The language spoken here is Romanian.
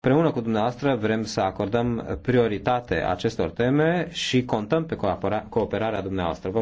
Preună cu dumneavoastră vrem să acordăm prioritate acestor teme și contăm pe cooperarea dumneavoastră.